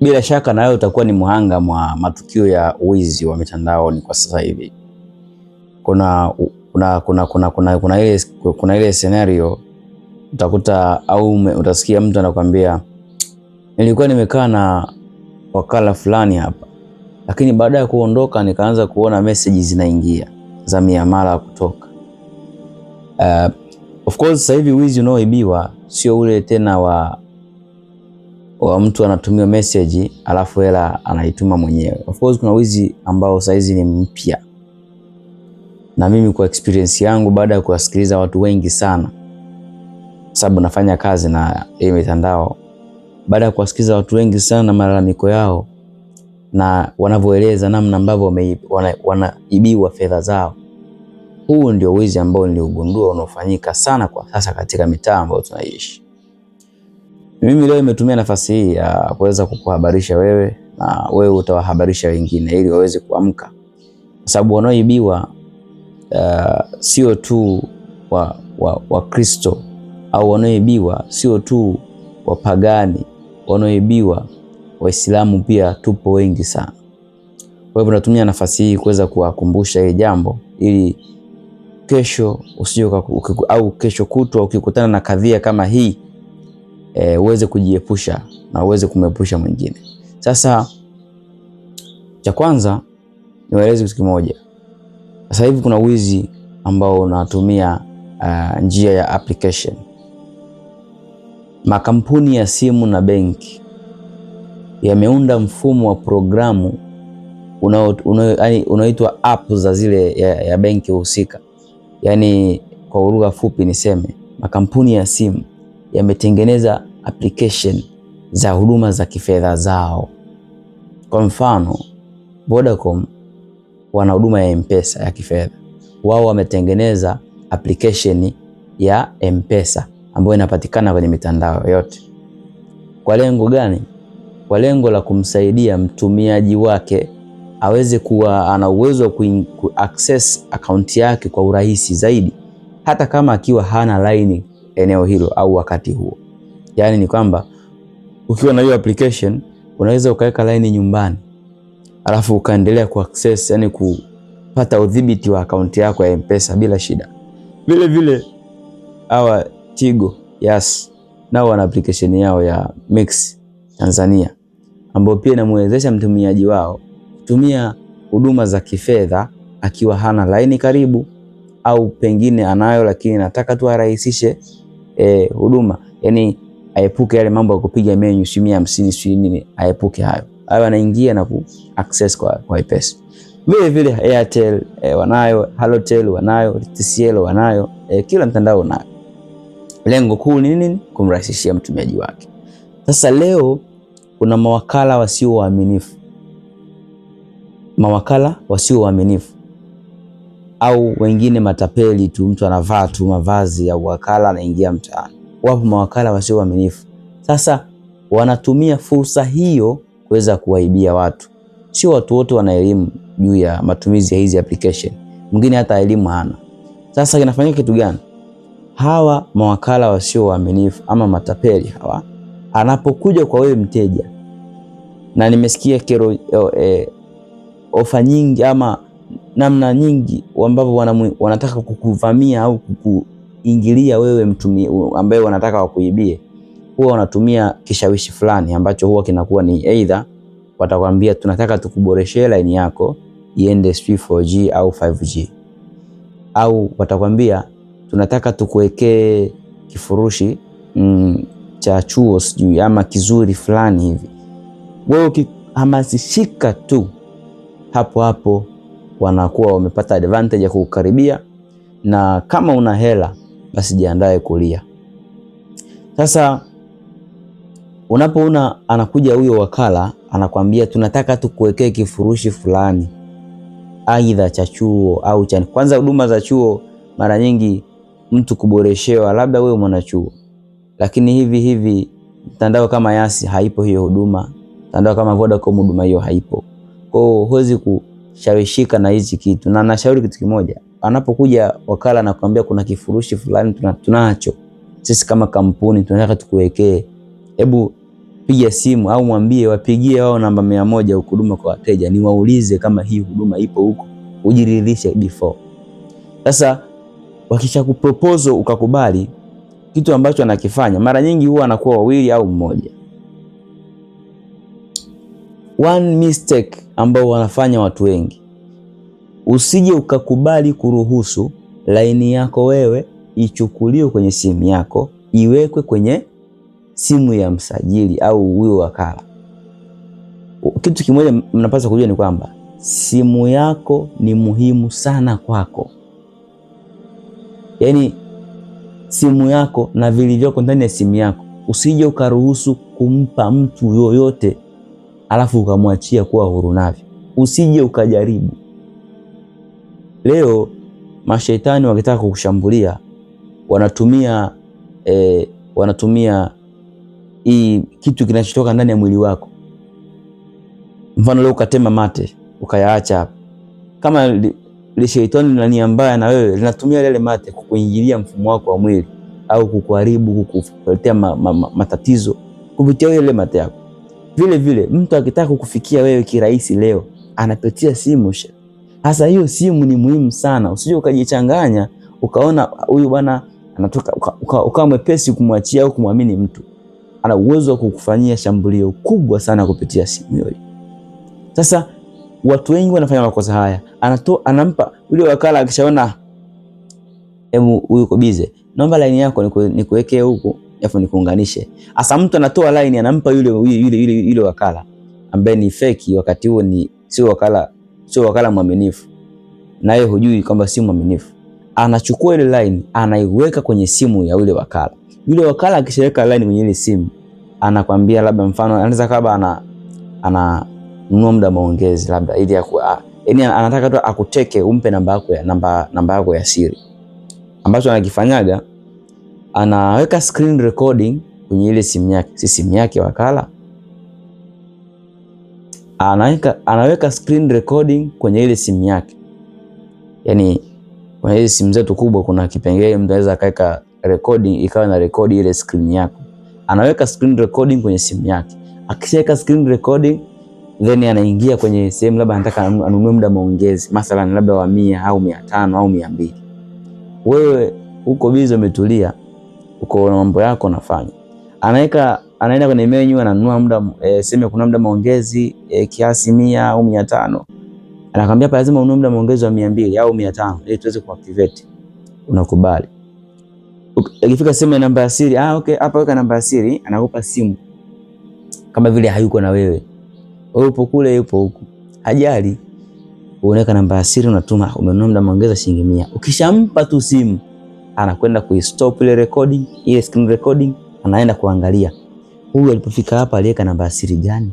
bila shaka na wewe utakuwa ni mhanga mwa matukio ya wizi wa mitandaoni kwa sasa hivi. Kuna kuna kuna kuna kuna kuna ile kuna ile scenario utakuta au utasikia mtu anakuambia nilikuwa nimekaa na wakala fulani hapa, lakini baada ya kuondoka nikaanza kuona message zinaingia za miamala kutoka. Uh, of course sasa hivi wizi unaoibiwa sio ule tena wa wa mtu anatumia message alafu hela anaituma mwenyewe. Of course kuna wizi ambao saizi ni mpya, na mimi kwa experience yangu, baada ya kuwasikiliza watu wengi sana, sababu nafanya kazi na hii mitandao, baada ya kuwasikiliza watu wengi sana na malalamiko yao na wanavyoeleza namna ambavyo wanaibiwa wana fedha zao, huu ndio wizi ambao niliugundua unaofanyika sana kwa sasa katika mitaa ambayo tunaishi. Mimi leo nimetumia nafasi hii ya kuweza kukuhabarisha wewe na wewe utawahabarisha wengine ili waweze kuamka, kwa sababu wanaoibiwa uh, sio tu Wakristo wa, wa au wanaoibiwa sio tu wapagani, wanaoibiwa Waislamu pia tupo wengi sana. Kwa hivyo natumia nafasi hii kuweza kuwakumbusha hili jambo ili kesho usije au kesho kutwa ukikutana na kadhia kama hii e, uweze kujiepusha na uweze kumepusha mwingine. Sasa cha kwanza niwaeleze kitu kimoja. Sasa hivi kuna wizi ambao unatumia uh, njia ya application. Makampuni ya simu na benki yameunda mfumo wa programu unaoitwa app za zile ya, ya benki husika. Yaani kwa lugha fupi niseme makampuni ya simu yametengeneza application za huduma za kifedha zao. Kwa mfano, Vodacom wana huduma ya M-Pesa ya kifedha. Wao wametengeneza application ya M-Pesa ambayo inapatikana kwenye mitandao yote. Kwa lengo gani? Kwa lengo la kumsaidia mtumiaji wake aweze kuwa ana uwezo wa access akaunti yake kwa urahisi zaidi, hata kama akiwa hana laini eneo hilo au wakati huo. Yaani ni kwamba ukiwa na hiyo application unaweza ukaweka line nyumbani, alafu ukaendelea ku access, yani kupata udhibiti wa akaunti yako ya M-Pesa bila shida. Vile vile hawa Tigo yes, nao wana application yao ya Mix Tanzania ambayo pia inamwezesha mtumiaji wao kutumia huduma za kifedha akiwa hana laini karibu au pengine anayo lakini nataka tu arahisishe eh, huduma eh, yani aepuke yale mambo ya kupiga menu asilimia hamsini sijui nini, aepuke hayo, hayo, anaingia na ku access kwa kwa ipesa. Vile vile Airtel e, wanayo Halotel wanayo TCL wanayo e, kila mtandao unayo. Lengo kuu ni nini? Kumrahisishia mtumiaji wake. Sasa leo kuna mawakala wasio waaminifu, mawakala wasio waaminifu au wengine matapeli tu. Mtu anavaa tu mavazi ya wakala anaingia mtaani wapo mawakala wasio waaminifu. Sasa wanatumia fursa hiyo kuweza kuwaibia watu. Sio watu wote wana elimu juu ya matumizi ya hizi application, mwingine hata elimu hana. Sasa kinafanyika kitu gani? Hawa mawakala wasio waaminifu ama matapeli hawa, anapokuja kwa wewe mteja, na nimesikia kero eh, eh ofa nyingi ama namna nyingi ambavyo wanataka kukuvamia au kuku ingilia wewe mtumi, ambaye wanataka wakuibie, huwa wanatumia kishawishi fulani ambacho huwa kinakuwa ni either watakwambia tunataka tukuboreshee line yako iende 4G au 5G, au watakwambia tunataka tukuwekee kifurushi mm, cha chuo sijui ama kizuri fulani hivi. Wewe ukihamasishika tu hapo hapo wanakuwa wamepata advantage ya kukukaribia, na kama una hela basi jiandae kulia. Sasa unapoona anakuja huyo wakala anakwambia tunataka tukuwekee kifurushi fulani, aidha cha chuo au cha kwanza. Huduma za chuo mara nyingi mtu kuboreshewa, labda wewe mwanachuo, lakini hivi hivi mtandao kama Yasi haipo hiyo huduma, mtandao kama Vodacom huduma hiyo haipo, kwa hiyo huwezi kushawishika na hichi kitu, na nashauri kitu kimoja anapokuja wakala na kuambia kuna kifurushi fulani tunacho sisi kama kampuni tunataka tukuwekee, hebu piga simu au mwambie wapigie wao namba mia moja huduma kwa wateja, ni waulize kama hii huduma ipo huko, ujiridhishe before. Sasa wakisha kupropose ukakubali, kitu ambacho anakifanya mara nyingi huwa anakuwa wawili au mmoja. One mistake ambao wanafanya watu wengi usije ukakubali kuruhusu laini yako wewe ichukuliwe kwenye simu yako iwekwe kwenye simu ya msajili au huyo wakala. Kitu kimoja mnapaswa kujua ni kwamba simu yako ni muhimu sana kwako, yaani simu yako na vilivyoko ndani ya simu yako usije ukaruhusu kumpa mtu yoyote, alafu ukamwachia kuwa huru navyo. Usije ukajaribu Leo mashetani wakitaka kukushambulia wanatumia e, wanatumia hii kitu kinachotoka ndani ya mwili wako. Mfano leo ukatema mate ukayaacha hapa, kama lishetani li nania mbaya na wewe linatumia lele mate kukuingilia mfumo wako wa mwili au kukuharibu, kukuletea ma, ma, ma, matatizo kupitia ile mate yako. Vile vile mtu akitaka kukufikia wewe kirahisi leo anapitia simu she. Hasa hiyo simu ni muhimu sana, usije ukajichanganya ukaona huyu bwana anatoka ukawa uka uka mwepesi kumwachia au kumwamini mtu. Ana uwezo wa kukufanyia shambulio kubwa sana kupitia simu hiyo. Sasa watu wengi wanafanya makosa haya, anato anampa yule wakala, akishaona hemu huyu uko bize, naomba line yako nikuwekee huku afu nikuunganishe. Asa mtu anatoa line anampa yule yule yule yule wakala ambaye ni feki, wakati huo ni sio wakala sio wakala mwaminifu, naye hujui kwamba si mwaminifu, anachukua ile line anaiweka kwenye simu ya yule wakala. Yule wakala akishaweka line kwenye ile simu, anakwambia labda, mfano anaweza kaba ana ananunua muda maongezi labda ili ya kuwa yani, anataka tu akuteke, umpe namba yako ya namba namba yako ya siri. Ambacho anakifanyaga anaweka screen recording kwenye ile simu yake, si simu yake wakala anaweka, anaweka screen recording kwenye ile simu yake. Yani kwenye hizi simu zetu kubwa kuna kipengele mtu anaweza akaweka recording ikawa na record ile screen yako. Anaweka screen recording kwenye simu yake. Akishaweka screen recording then anaingia kwenye sehemu labda anataka anunue muda maongezi, mathalan labda wa mia au mia tano au mia mbili. Wewe uko bizi umetulia, uko na mambo yako unafanya. Anaweka anaenda kwenye menu ananunua muda e, eh, sema kuna muda maongezi e, kiasi 100 au 500 tano hapa lazima ununue muda maongezi wa 200 au 500 ili tuweze kuactivate. Unakubali. Ikifika sehemu ya namba ya siri, ah, okay, hapa weka namba ya siri, anakupa simu kama vile hayuko na wewe, wewe upo kule, yupo huko, hajali. Unaweka namba ya siri, unatuma, umenunua muda maongezi shilingi 100 Ukishampa tu simu, anakwenda kuistop ile recording, ile screen recording, anaenda kuangalia huyu alipofika hapa aliweka namba ya siri gani?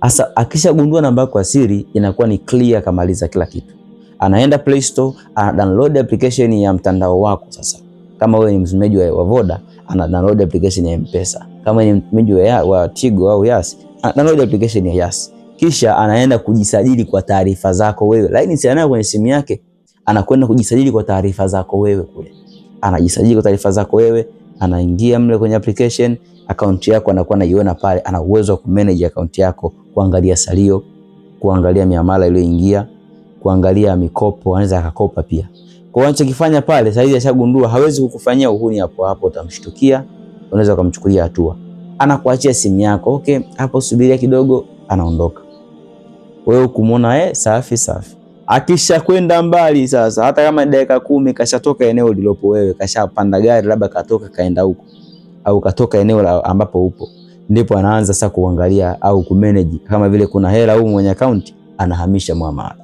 Asa akishagundua namba yako ya siri inakuwa ni clear, kamaliza kila kitu. Anaenda Play Store, ana download application ya mtandao wako. Sasa kama wewe ni mtumiaji wa Voda, ana download application ya Mpesa. Kama ni mtumiaji wa Tigo au Yas, ana download application ya Yas. Kisha anaenda kujisajili kwa taarifa zako wewe. lakini si anayo kwenye simu yake, anakwenda kujisajili kwa taarifa zako wewe kule. Anajisajili kwa taarifa zako wewe, anaingia mle kwenye application akaunti yako anakuwa anaiona pale, ana uwezo wa kumanage akaunti yako, kuangalia salio, kuangalia miamala iliyoingia, kuangalia mikopo, anaweza akakopa pia. Kwa hiyo anachokifanya pale sasa hivi ashagundua hawezi kukufanyia uhuni hapo hapo, utamshtukia, unaweza kumchukulia hatua. Anakuachia simu yako, okay, hapo subiria kidogo, anaondoka. Wewe kumuona eh, safi safi. akisha kwenda mbali sasa, hata kama dakika kumi kashatoka eneo lilopo wewe, kashapanda gari, labda katoka kaenda huko au katoka eneo la ambapo upo, ndipo anaanza sasa kuangalia au kumanage kama vile kuna hela au mwenye account anahamisha mwamala.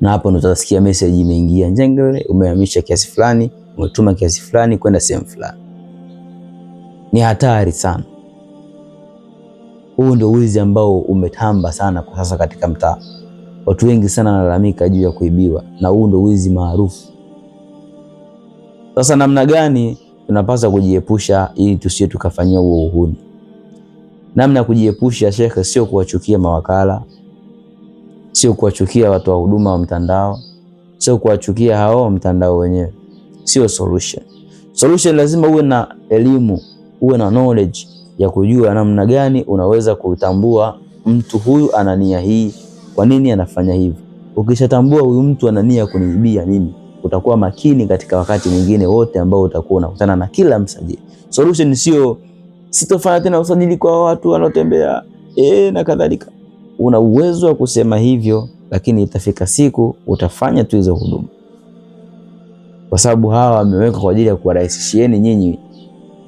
na hapo ndo utasikia message imeingia, njengele, umehamisha kiasi fulani, umetuma kiasi fulani kwenda sehemu fulani. Ni hatari sana. Huu ndio wizi ambao umetamba sana kwa sasa katika mtaa. Watu wengi sana wanalalamika juu ya kuibiwa, na huu ndio wizi maarufu. Sasa namna gani tunapaswa kujiepusha ili tusiwe tukafanyia huo uhuni. Namna ya kujiepusha, shekhe, sio kuwachukia mawakala, sio kuwachukia watu wa huduma wa mtandao, sio kuwachukia hao mtandao wenyewe, sio solution. Solution lazima uwe na elimu, uwe na knowledge ya kujua namna gani unaweza kutambua mtu huyu ana nia hii, kwa nini anafanya hivi. Ukishatambua huyu mtu ana nia kuniibia mimi utakuwa makini katika wakati mwingine wote ambao utakuwa unakutana na kila msajili. Solution sio sitofanya tena usajili kwa watu wanaotembea e, na kadhalika. Una uwezo wa kusema hivyo, lakini itafika siku utafanya tu hizo huduma, kwa sababu hawa wamewekwa kwa ajili ya kuwarahisishieni nyinyi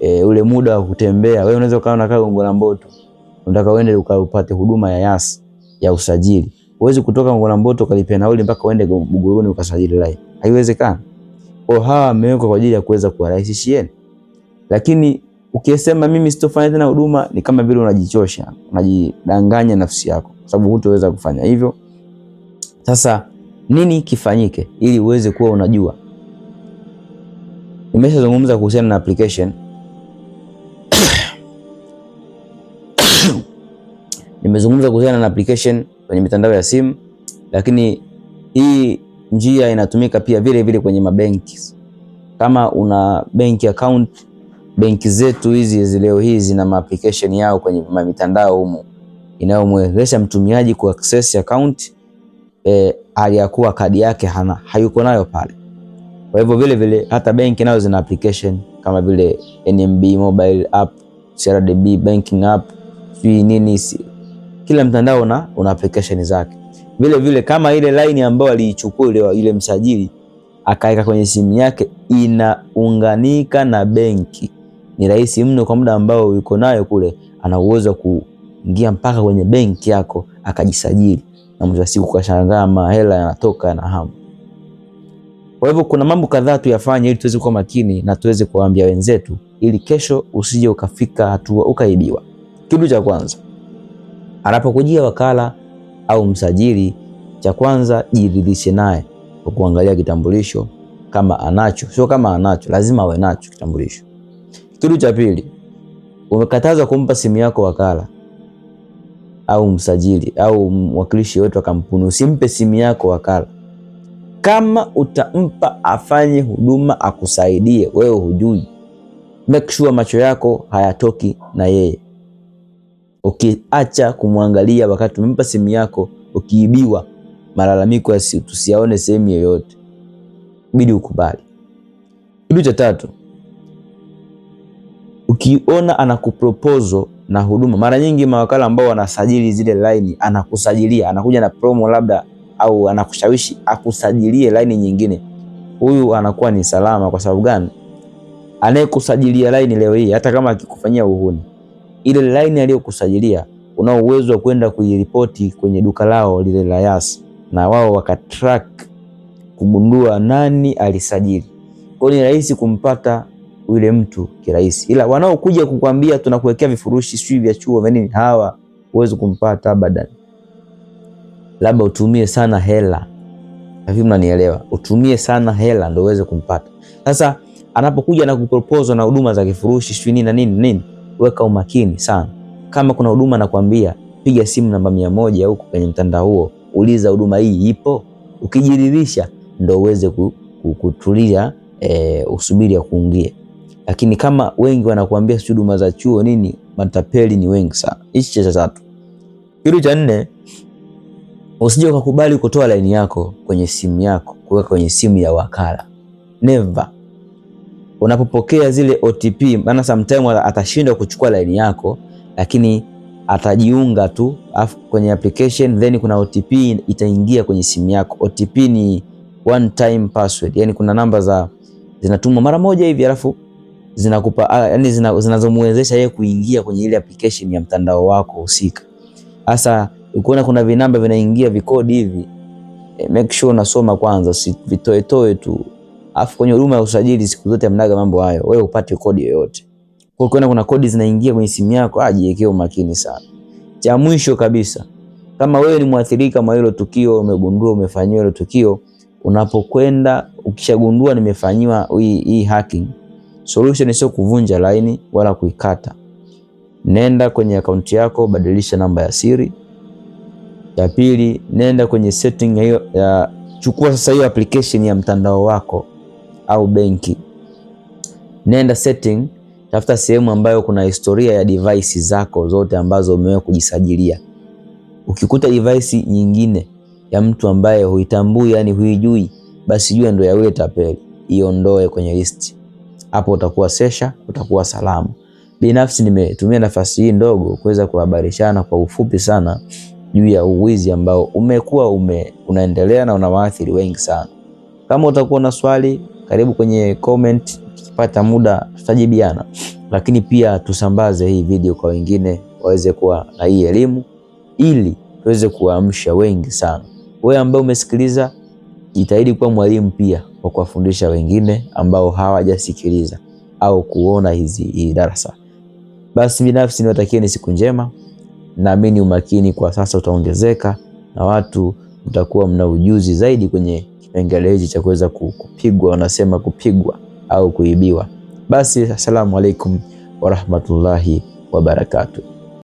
e, ule muda wa kutembea. Wewe unaweza ukawa unakaa Gongo la Mboto, unataka uende ukapate huduma ya yasi ya usajili Huwezi kutoka Ngona Mboto ukalipia nauli mpaka uende Buguruni ukasajili lai. haiwezekani. Kwa hawa wamewekwa kwa ajili ya kuweza kuwarahisishia, lakini ukisema mimi sitofanya tena huduma, ni kama vile unajichosha, unajidanganya nafsi yako, sababu hutoweza kufanya hivyo. Sasa nini kifanyike ili uweze kuwa unajua? Nimeshazungumza kuhusiana na application nimezungumza kuhusiana na application kwenye mitandao ya simu, lakini hii njia inatumika pia vile vile kwenye mabenki. Kama una bank account, benki zetu hizi zileo hii zina application yao kwenye mitandao humo inayomwezesha mtumiaji ku access account eh, aliyakuwa kadi yake hana hayuko nayo pale. Kwa hivyo vile vile hata benki nao zina application kama vile NMB mobile app, CRDB banking app, fi nini kila mtandao una, una application zake. Vile vile kama ile line ambayo aliichukua ile ile msajili akaweka kwenye simu yake inaunganika na benki, ni rahisi mno kwa muda ambao yuko nayo kule, ana uwezo kuingia mpaka kwenye benki yako akajisajili, na mwisho wa siku kashangaa mahela yanatoka hamu. Kwa hivyo kuna mambo kadhaa tuyafanye ili tuweze kuwa makini na tuweze kuwaambia wenzetu, ili kesho usije ukafika hatua ukaibiwa. Kitu cha kwanza Anapokujia wakala au msajili, cha kwanza jiridhishe naye kwa kuangalia kitambulisho kama anacho. Sio kama anacho, lazima awe nacho kitambulisho. Kitu cha pili, umekataza kumpa simu yako wakala au msajili au mwakilishi yote wa kampuni. Usimpe simu yako wakala. Kama utampa afanye huduma akusaidie, wewe hujui, make sure macho yako hayatoki na yeye ukiacha kumwangalia wakati umempa simu yako, ukiibiwa, malalamiko tusiyaone sehemu yoyote, bidi ukubali. Kitu cha tatu, ukiona anakupropozo na huduma, mara nyingi mawakala ambao wanasajili zile laini, anakusajilia anakuja na promo labda, au anakushawishi akusajilie laini nyingine, huyu anakuwa ni salama. Kwa sababu gani? Anayekusajilia laini leo hii, hata kama akikufanyia uhuni ile line aliyokusajilia una uwezo wa kwenda kuiripoti kwenye duka lao lile la Yas, na wao wakatrack kugundua nani alisajili. Kwa ni rahisi kumpata yule mtu kirahisi, ila wanaokuja kukwambia tunakuwekea vifurushi sijui vya chuo vya nini, hawa huwezi kumpata abadan, labda utumie sana hela. Hivi mnanielewa? Utumie sana hela ndio uweze kumpata. Sasa anapokuja na kupropose na huduma za kifurushi sijui nini na nini nini weka umakini sana. Kama kuna huduma nakwambia, piga simu namba mia moja huko kwenye mtandao huo, uliza huduma hii ipo. Ukijiridhisha ndo uweze kutulia e, usubiri ya kuingia. Lakini kama wengi wanakuambia si huduma za chuo nini, matapeli ni wengi sana. Hichi cha tatu. Kitu cha nne, usije ukakubali kutoa laini yako kwenye simu yako kuweka kwenye simu ya wakala. Never unapopokea zile OTP, maana sometimes atashindwa kuchukua laini yako, lakini atajiunga tu afu kwenye application then kuna OTP itaingia kwenye simu yako. OTP ni one time password, yani kuna namba za zinatumwa mara moja hivi alafu zinakupa ah, yani zinazomwezesha yeye kuingia kwenye ile application ya mtandao wako husika. Hasa ukiona kuna vinamba vinaingia vikodi hivi, eh, make sure unasoma kwanza, usivitoetoe tu. Afu kwenye huduma ya usajili siku zote mnaga mambo hayo, wewe upate kodi yoyote. Kwa hiyo kuna kodi zinaingia kwenye simu yako, ajiwekee ah, umakini sana. Cha mwisho kabisa, kama wewe ni mwathirika mwa hilo tukio, umegundua umefanyiwa hilo tukio, unapokwenda ukishagundua nimefanyiwa hii hacking, solution sio kuvunja line wala kuikata. Nenda kwenye akaunti yako, badilisha namba ya siri. Ya pili, nenda kwenye setting ya, ya chukua sasa hiyo application ya mtandao wako au benki. Nenda setting, tafuta sehemu ambayo kuna historia ya device zako zote ambazo umewahi kujisajilia. Ukikuta device nyingine ya mtu ambaye huitambui, yani huijui, basi jua ndio ya yule tapeli, iondoe kwenye list. Hapo utakuwa sesha, utakuwa salama. Binafsi nimetumia nafasi hii ndogo kuweza kuhabarishana kwa ufupi sana juu ya uwizi ambao umekuwa ume, unaendelea na unawaathiri wengi sana. Kama utakuwa na swali karibu kwenye comment, tukipata muda tutajibiana, lakini pia tusambaze hii video kwa wengine waweze kuwa na hii elimu ili tuweze kuwaamsha wengi sana. Wewe ambaye umesikiliza, jitahidi kuwa mwalimu pia kwa kuwafundisha wengine ambao hawajasikiliza au kuona hizi hii darasa. Basi binafsi niwatakieni siku njema. Naamini umakini kwa sasa utaongezeka na watu mtakuwa mna ujuzi zaidi kwenye hichi cha kuweza kupigwa, wanasema kupigwa au kuibiwa. Basi, assalamu alaikum warahmatullahi wabarakatuh.